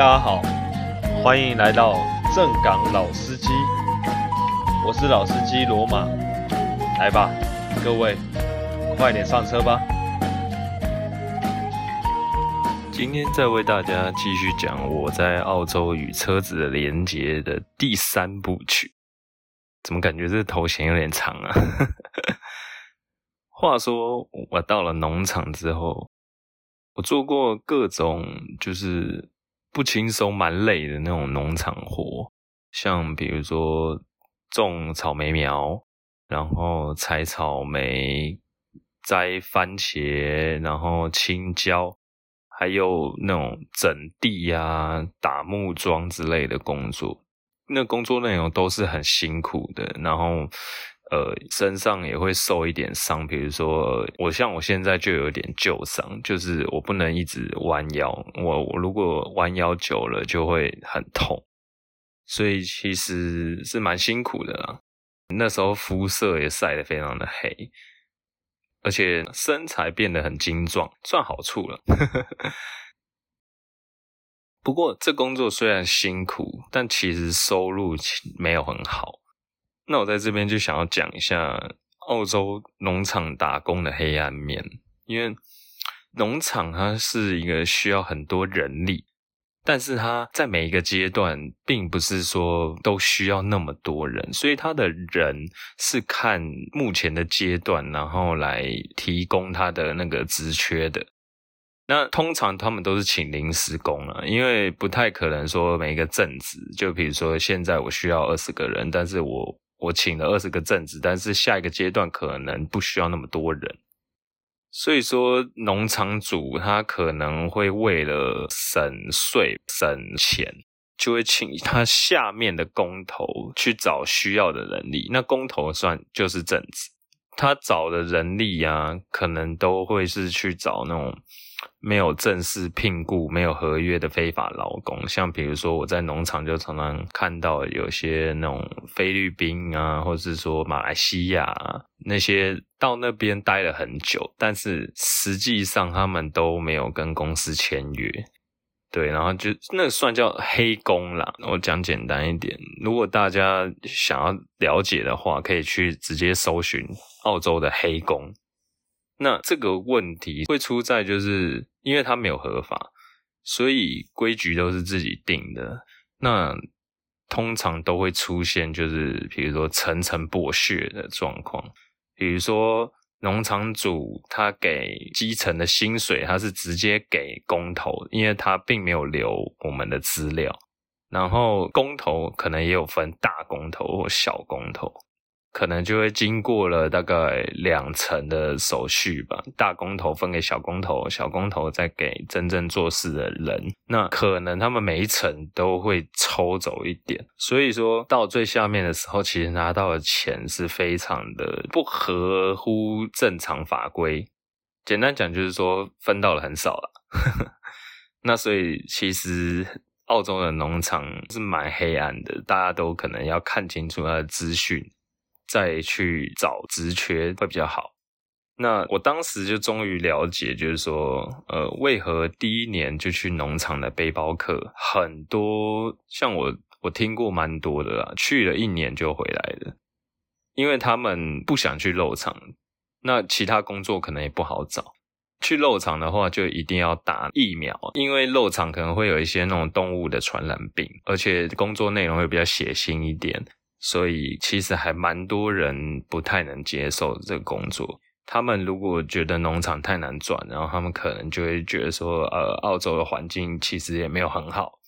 大家好，歡迎來到正港老司機，我是老司機羅馬，來吧，各位，快點上車吧。今天再為大家繼續講我在澳洲與車子的連結的第三部曲，怎麼感覺這頭銜有點長啊？ 話說我到了農場之後，我做過各種就是。不輕鬆，蠻累的那種農場活，像比如說種草莓苗，然後採草莓，摘番茄，然後青椒，還有那種整地呀，啊、打木樁之類的工作，那工作內容都是很辛苦的，然後。呃，身上也會受一點傷，比如說我像我現在就有點舊傷，就是我不能一直彎腰，我我如果彎腰久了就會很痛，所以其實是蠻辛苦的啦。那時候膚色也曬得非常的黑，而且身材變得很精壯，算好處了。 不過這工作雖然辛苦，但其實收入其沒有很好。那我在這邊就想要講一下澳洲農場打工的黑暗面，因為農場它是一個需要很多人力，但是它在每一個階段，並不是說都需要那麼多人，所以它的人是看目前的階段，然後來提供它的那個職缺的。那通常他們都是請臨時工了，啊，因為不太可能說每一個正職，就比如說現在我需要二十個人，但是我。我請了二十個正職，但是下一個階段可能不需要那麼多人，所以說農場主他可能會為了省稅省錢，就會請他下面的工頭去找需要的人力。那工頭算就是正職，他找的人力啊，可能都會是去找那種。沒有正式聘僱，沒有合約的非法勞工，像比如說我在農場就常常看到有些那種菲律賓啊，或是說馬來西亞啊，那些到那邊待了很久，但是實際上他們都沒有跟公司簽約，對，然後就那個算叫黑工啦。我講簡單一點，如果大家想要了解的話，可以去直接搜尋澳洲的黑工。那這個問題會出在，就是因為他沒有合法，所以規矩都是自己定的。那通常都會出現，就是比如說層層剝削的狀況。比如說農場主他給基層的薪水，他是直接給工頭，因為他並沒有留我們的資料。然後工頭可能也有分大工頭或小工頭。可能就會經過了大概兩層的手續吧，大工頭分給小工頭，小工頭再給真正做事的人。那可能他們每一層都會抽走一點，所以說到最下面的時候，其實拿到的錢是非常的不合乎正常法規。簡單講就是說，分到了很少了。 那所以其實澳洲的農場是蠻黑暗的，大家都可能要看清楚它的資訊。再去找職缺會比較好。那我當時就終於了解，就是說，呃，為何第一年就去農場的背包客很多，像我，我聽過蠻多的啦，去了一年就回來了，因為他們不想去肉廠，那其他工作可能也不好找。去肉廠的話，就一定要打疫苗，因為肉廠可能會有一些那種動物的傳染病，而且工作內容會比較血腥一點。所以其實還蠻多人不太能接受這個工作。他們如果覺得農場太難轉，然後他們可能就會覺得說，呃，澳洲的環境其實也沒有很好，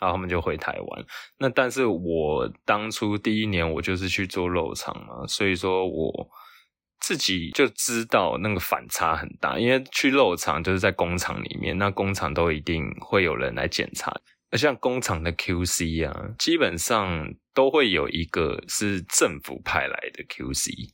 然後他們就回台灣。那但是我當初第一年我就是去做肉廠嘛，所以說我自己就知道那個反差很大。因為去肉廠就是在工廠裡面，那工廠都一定會有人來檢查，那像工廠的 QC 啊，基本上。都會有一個是政府派來的 QC，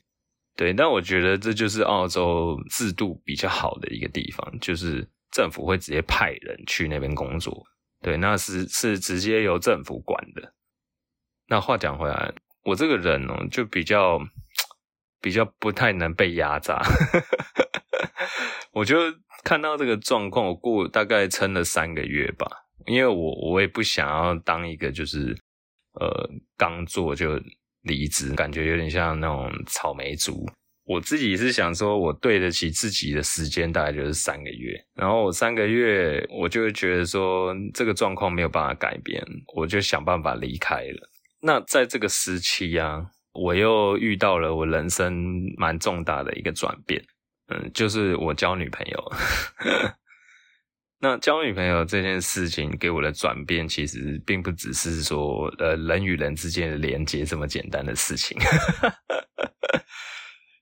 對。那我覺得這就是澳洲制度比較好的一個地方，就是政府會直接派人去那邊工作，對，那是是直接由政府管的。那話講回來，我這個人哦，就比較比較不太能被壓榨。 我就看到這個狀況，我過大概撐了三個月吧，因為我我也不想要當一個就是。呃，剛做就離職，感覺有點像那種草莓族。我自己是想說，我對得起自己的時間，大概就是三個月。然後我三個月，我就會覺得說這個狀況沒有辦法改變，我就想辦法離開了。那在這個時期啊，我又遇到了我人生蠻重大的一個轉變，嗯，就是我交女朋友。 那交女朋友這件事情給我的轉變，其實並不只是說，呃，人與人之間的連結這麼簡單的事情，哈哈哈哈，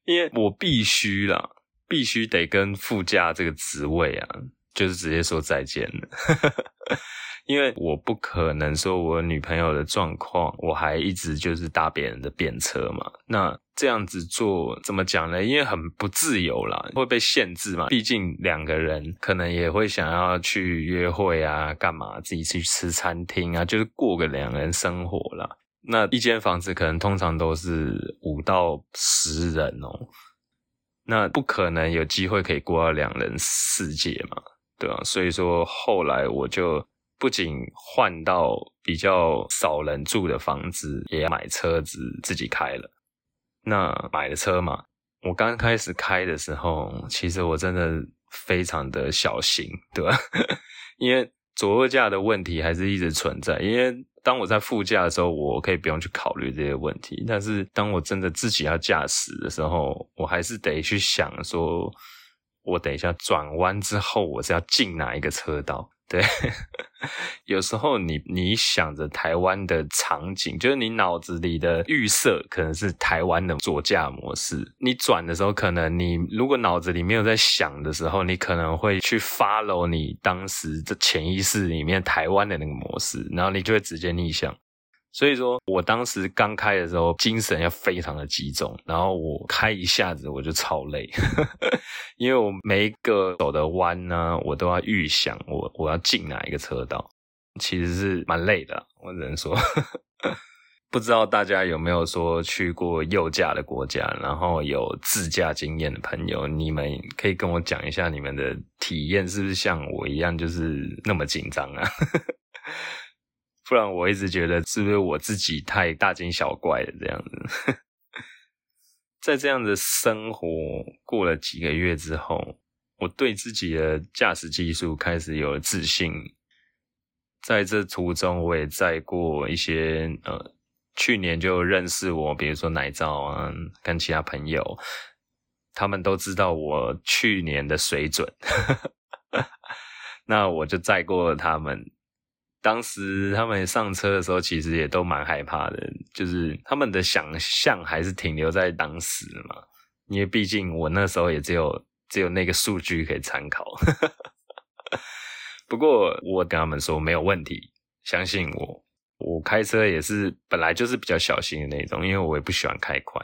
因為我必須啦，必須得跟副駕這個職位啊。就是直接說再見了， 因為我不可能說我女朋友的狀況，我還一直就是搭別人的便車嘛。那這樣子做怎麼講呢？因為很不自由啦，會被限制嘛。畢竟兩個人可能也會想要去約會啊，幹嘛自己去吃餐廳啊，就是過個兩人生活啦。那一間房子可能通常都是五到十人哦，那不可能有機會可以過到兩人世界嘛。對啊，所以說後來我就不僅換到比較少人住的房子，也買車子自己開了。那買了車嘛，我剛開始開的時候，其實我真的非常的小心，對吧、啊？ 因為左右駕的問題還是一直存在。因為當我在副駕的時候，我可以不用去考慮這些問題；但是當我真的自己要駕駛的時候，我還是得去想說。我等一下轉彎之後，我是要進哪一個車道？對， 有時候你你想着台灣的場景，就是你腦子裡的預設可能是台灣的左駕模式。你轉的時候，可能你如果腦子裡沒有在想的時候，你可能會去 follow 你當時的潛意識裡面台灣的那個模式，然後你就會直接逆向。所以說我當時剛開的時候，精神要非常的集中，然後我開一下子我就超累， 因為我每一個走的彎呢、啊，我都要預想我我要進哪一個車道，其實是蠻累的、啊。我只能說， 不知道大家有沒有說去過右駕的國家，然後有自駕經驗的朋友，你們可以跟我講一下你們的體驗，是不是像我一樣就是那麼緊張啊？ 不然我一直覺得是不是我自己太大驚小怪了？這樣子， 在這樣的生活過了幾個月之後，我對自己的駕駛技術開始有了自信。在這途中，我也載過一些呃，去年就認識我，比如說奶罩啊，跟其他朋友，他們都知道我去年的水準， 那我就載過了他們。當時他們上車的時候，其實也都蠻害怕的，就是他們的想象還是停留在當時嘛。因為畢竟我那時候也只有只有那個數據可以參考。 不過我跟他們說沒有問題，相信我，我開車也是本來就是比較小心的那種，因為我也不喜歡開快。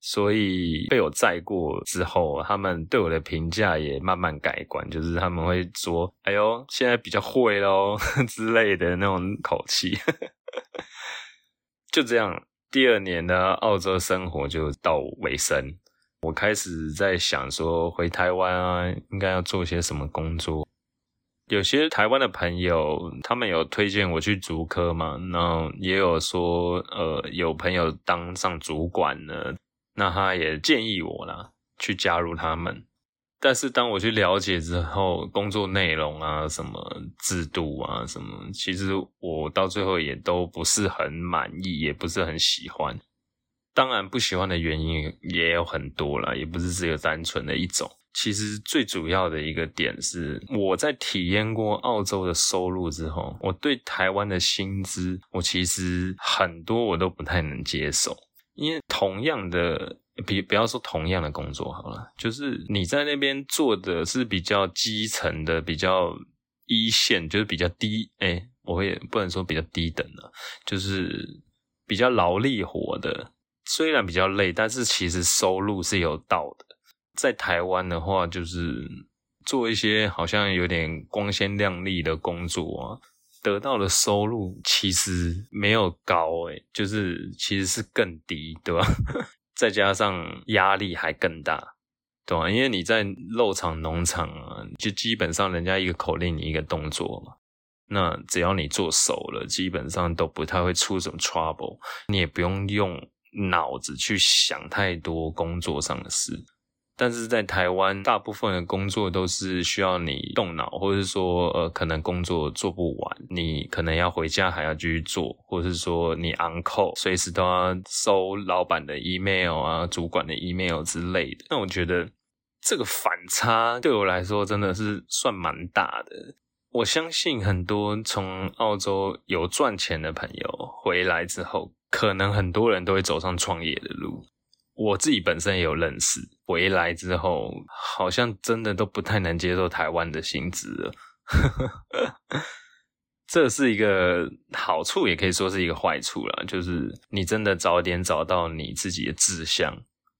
所以被我載過之後，他們對我的評價也慢慢改觀，就是他們會說：“哎呦，現在比較會咯”之類的那種口氣。 就這樣，第二年呢，澳洲生活就到尾聲，我開始在想說回台灣啊，應該要做些什麼工作。有些台灣的朋友，他們有推薦我去竹科嘛，然後也有說，呃，有朋友當上主管呢那他也建議我啦，去加入他們，但是當我去了解之後，工作內容啊，什麼制度啊，什麼，其實我到最後也都不是很滿意，也不是很喜歡。當然，不喜歡的原因也有很多啦，也不是只有單純的一種。其實最主要的一個點是，我在體驗過澳洲的收入之後，我對台灣的薪資，我其實很多我都不太能接受。因為同樣的，比不要說同樣的工作好了，就是你在那邊做的是比較基層的、比較一線，就是比較低，誒，欸，我也不能說比較低等了，就是比較勞力活的，雖然比較累，但是其實收入是有到的。在台灣的話，就是做一些好像有點光鮮亮麗的工作啊。得到的收入其實沒有高誒、欸、就是其實是更低，對吧？ 再加上壓力還更大，對吧？因為你在肉廠、農場啊，就基本上人家一個口令，你一個動作嘛。那只要你做熟了，基本上都不太會出什麼 trouble，你也不用用腦子去想太多工作上的事。但是在台灣，大部分的工作都是需要你動腦，或者是說，呃，可能工作做不完，你可能要回家還要繼續做，或者是說你，你 on call 隨時都要收老板的 email 啊、主管的 email 之類的。那我覺得這個反差對我來說真的是算蠻大的。我相信很多從澳洲有賺錢的朋友回來之後，可能很多人都會走上創業的路。我自己本身也有認識。回來之後，好像真的都不太能接受台灣的薪資了。 這是一個好處，也可以說是一個壞處啦，就是你真的早點找到你自己的志向，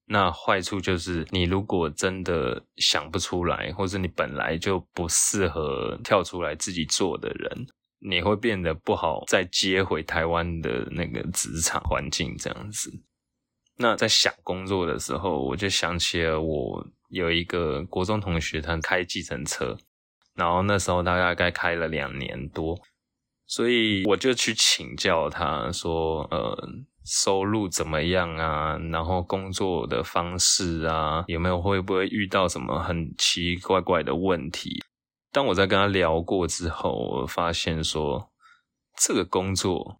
那壞處就是你如果真的想不出來，或者你本來就不適合跳出來自己做的人，你會變得不好再接回台灣的那個職場環境，這樣子。那在想工作的時候，我就想起了我有一個國中同學，他開計程車，然後那時候他大概開了兩年多，所以我就去請教他，說，呃，收入怎麼樣啊？然後工作的方式啊，有沒有會不會遇到什麼很奇奇怪怪的問題？當我在跟他聊過之後，我發現說，這個工作。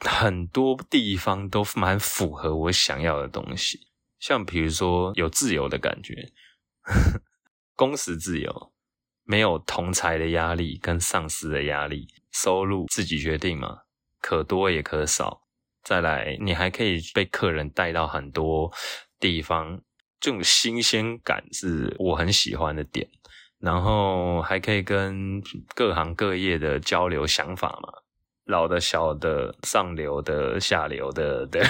很多地方都蠻符合我想要的東西，像比如說有自由的感覺，呵呵，工時自由，沒有同儕的壓力跟上司的壓力，收入自己決定嘛，可多也可少。再來，你還可以被客人帶到很多地方，這種新鮮感是我很喜歡的點。然後還可以跟各行各業的交流想法嘛。老的、小的、上流的、下流的，對，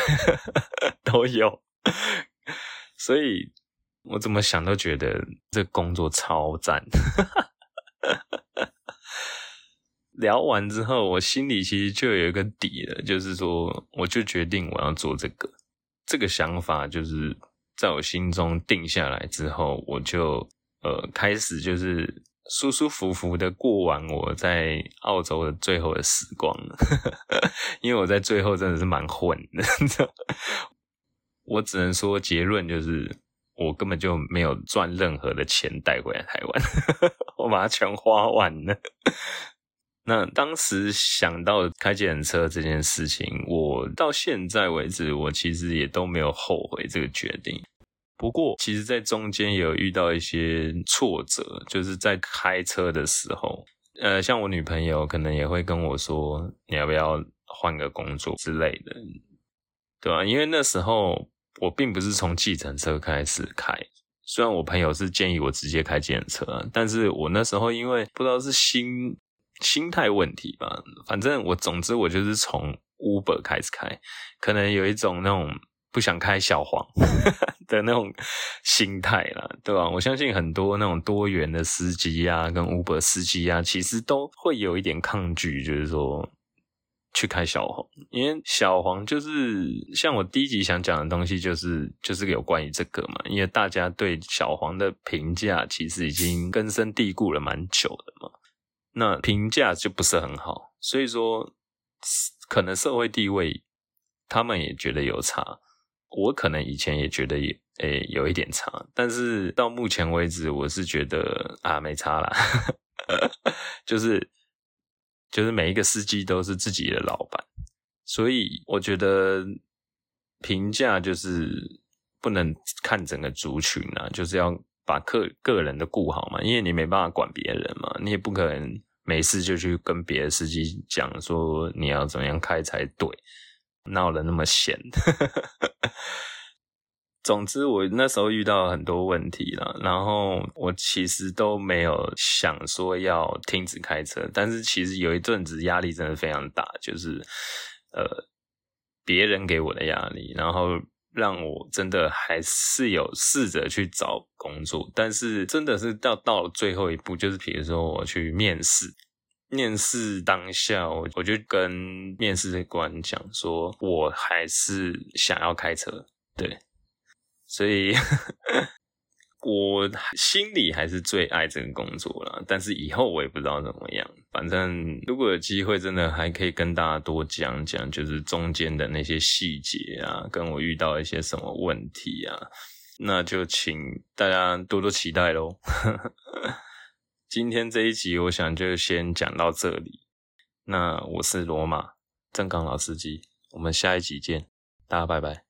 都有。所以我怎麼想都覺得這工作超讚。 聊完之後，我心裡其實就有一個底了，就是說，我就決定我要做這個。這個想法就是在我心中定下來之後，我就呃開始就是。舒舒服服的過完我在澳洲的最後的時光， 因為我在最後真的是蠻混的， 我只能說結論就是，我根本就沒有賺任何的錢帶回來台灣， 我把它全花完了。 那當時想到開計程車這件事情，我到現在為止，我其實也都沒有後悔這個決定。不過，其實，在中間有遇到一些挫折，就是在開車的時候，呃，像我女朋友可能也會跟我說：“你要不要換個工作之類的，對啊。”因為那時候我並不是從計程車開始開，雖然我朋友是建議我直接開計程車，但是我那時候因為不知道是心心態問題吧，反正我總之我就是從 Uber 開始開，可能有一種那種。不想開小黃的那種心態啦，對吧？我相信很多那種多元的司機啊，跟 Uber 司機啊，其實都會有一點抗拒，就是說去開小黃，因為小黃就是像我第一集想講的東西，就是就是有關於這個嘛。因為大家對小黃的評價其實已經根深蒂固了蠻久的嘛，那評價就不是很好，所以說可能社會地位他們也覺得有差。我可能以前也覺得也、欸、有一點差，但是到目前為止，我是覺得啊沒差啦。 就是就是每一個司機都是自己的老闆，所以我覺得評價就是不能看整個族群啊，就是要把個個人的顧好嘛，因為你沒辦法管別人嘛，你也不可能沒事就去跟別的司機講說，你要怎麼樣開才對。鬧得那麼閒，總之，我那時候遇到很多問題啦。然後我其實都沒有想說要停止開車，但是其實有一陣子壓力真的非常大，就是呃別人給我的壓力，然後讓我真的還是有試着去找工作，但是真的是到到了最後一步，就是比如說我去面試。面試當下，我就跟面試官講說，我還是想要開車，對，所以 我心裡還是最愛這個工作啦。但是以後我也不知道怎麼樣，反正如果有機會，真的還可以跟大家多講講，就是中間的那些細節啊，跟我遇到一些什麼問題啊，那就請大家多多期待嘍。 今天這一集，我想就先講到這裡。那我是羅馬，正港老司機，我們下一集見，大家拜拜。